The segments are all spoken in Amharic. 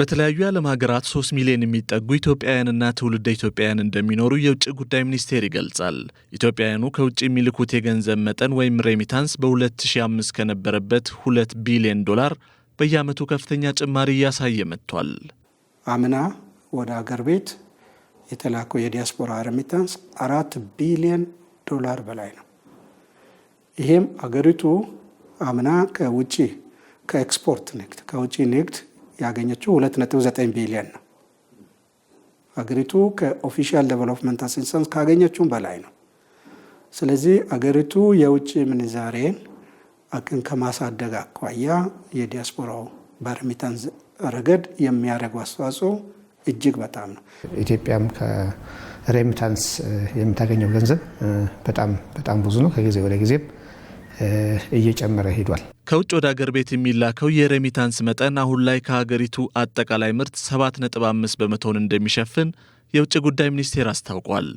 በተለያዩ የዓለም ሀገራት ሶስት ሚሊዮን የሚጠጉ ኢትዮጵያውያንና ትውልደ ኢትዮጵያውያን እንደሚኖሩ የውጭ ጉዳይ ሚኒስቴር ይገልጻል። ኢትዮጵያውያኑ ከውጭ የሚልኩት የገንዘብ መጠን ወይም ሬሚታንስ በ2005 ከነበረበት 2 ቢሊዮን ዶላር በየዓመቱ ከፍተኛ ጭማሪ እያሳየ መጥቷል። አምና ወደ አገር ቤት የተላከው የዲያስፖራ ሬሚታንስ አራት ቢሊዮን ዶላር በላይ ነው። ይሄም አገሪቱ አምና ከውጭ ከኤክስፖርት ንግድ ከውጭ ንግድ ያገኘችው 29 ቢሊዮን ነው። አገሪቱ ከኦፊሻል ዴቨሎፕመንት አሲስታንስ ካገኘችውም በላይ ነው። ስለዚህ አገሪቱ የውጭ ምንዛሬን አቅም ከማሳደግ አኳያ የዲያስፖራው በርሚታንስ ረገድ የሚያደርገው አስተዋጽኦ እጅግ በጣም ነው። ኢትዮጵያም ከሬሚታንስ የምታገኘው ገንዘብ በጣም በጣም ብዙ ነው ከጊዜ ወደ ጊዜም እየጨመረ ሄዷል። ከውጭ ወደ አገር ቤት የሚላከው የሬሚታንስ መጠን አሁን ላይ ከሀገሪቱ አጠቃላይ ምርት 7.5 በመቶውን እንደሚሸፍን የውጭ ጉዳይ ሚኒስቴር አስታውቋል።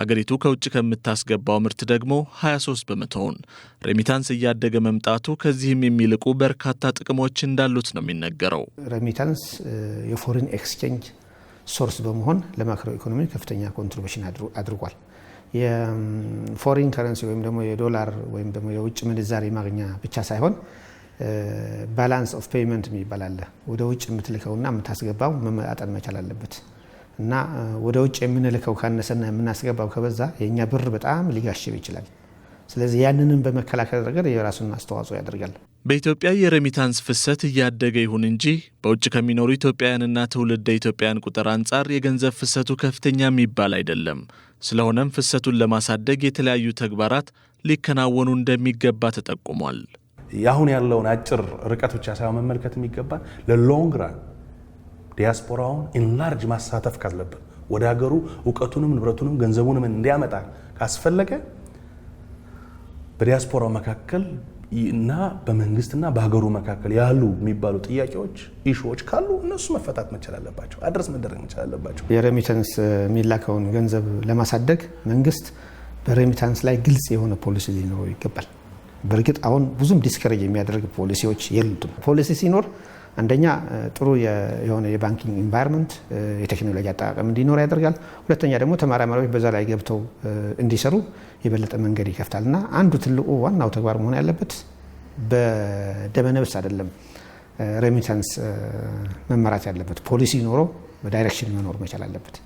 ሀገሪቱ ከውጭ ከምታስገባው ምርት ደግሞ 23 በመቶውን። ሬሚታንስ እያደገ መምጣቱ ከዚህም የሚልቁ በርካታ ጥቅሞች እንዳሉት ነው የሚነገረው። ሬሚታንስ የፎሪን ኤክስቼንጅ ሶርስ በመሆን ለማክሮ ኢኮኖሚ ከፍተኛ ኮንትሪቢሽን አድርጓል። የፎሪን ከረንሲ ወይም ደግሞ የዶላር ወይም ደግሞ የውጭ ምንዛሬ ማግኛ ብቻ ሳይሆን ባላንስ ኦፍ ፔይመንት የሚባል አለ። ወደ ውጭ የምትልከውና የምታስገባው መመጣጠን መቻል አለበት እና ወደ ውጭ የምንልከው ካነሰና የምናስገባው ከበዛ የእኛ ብር በጣም ሊጋሽብ ይችላል። ስለዚህ ያንንም በመከላከል ረገድ የራሱን አስተዋጽኦ ያደርጋል። በኢትዮጵያ የረሚታንስ ፍሰት እያደገ ይሁን እንጂ በውጭ ከሚኖሩ ኢትዮጵያውያንና ትውልደ ኢትዮጵያውያን ቁጥር አንጻር የገንዘብ ፍሰቱ ከፍተኛ የሚባል አይደለም። ስለሆነም ፍሰቱን ለማሳደግ የተለያዩ ተግባራት ሊከናወኑ እንደሚገባ ተጠቁሟል። አሁን ያለውን አጭር ርቀት ብቻ ሳይሆን መመልከት የሚገባ ለሎንግ ራን ዲያስፖራውን ኢንላርጅ ማሳተፍ ካለብን ወደ ሀገሩ እውቀቱንም ንብረቱንም ገንዘቡንም እንዲያመጣ ካስፈለገ በዲያስፖራው መካከል እና በመንግስትና በሀገሩ መካከል ያሉ የሚባሉ ጥያቄዎች ኢሹዎች ካሉ እነሱ መፈታት መቻል አለባቸው፣ አድረስ መደረግ መቻል አለባቸው። የሬሚታንስ የሚላከውን ገንዘብ ለማሳደግ መንግስት በሬሚታንስ ላይ ግልጽ የሆነ ፖሊሲ ሊኖረው ይገባል። በእርግጥ አሁን ብዙም ዲስከሬጅ የሚያደርግ ፖሊሲዎች የሉትም። ፖሊሲ ሲኖር አንደኛ ጥሩ የሆነ የባንኪንግ ኢንቫይሮንመንት የቴክኖሎጂ አጠቃቀም እንዲኖር ያደርጋል። ሁለተኛ ደግሞ ተመራማሪዎች በዛ ላይ ገብተው እንዲሰሩ የበለጠ መንገድ ይከፍታል እና አንዱ ትልቁ ዋናው ተግባር መሆን ያለበት በደመነብስ አይደለም ሬሚታንስ መመራት ያለበት ፖሊሲ ኖሮ በዳይሬክሽን መኖር መቻል አለበት።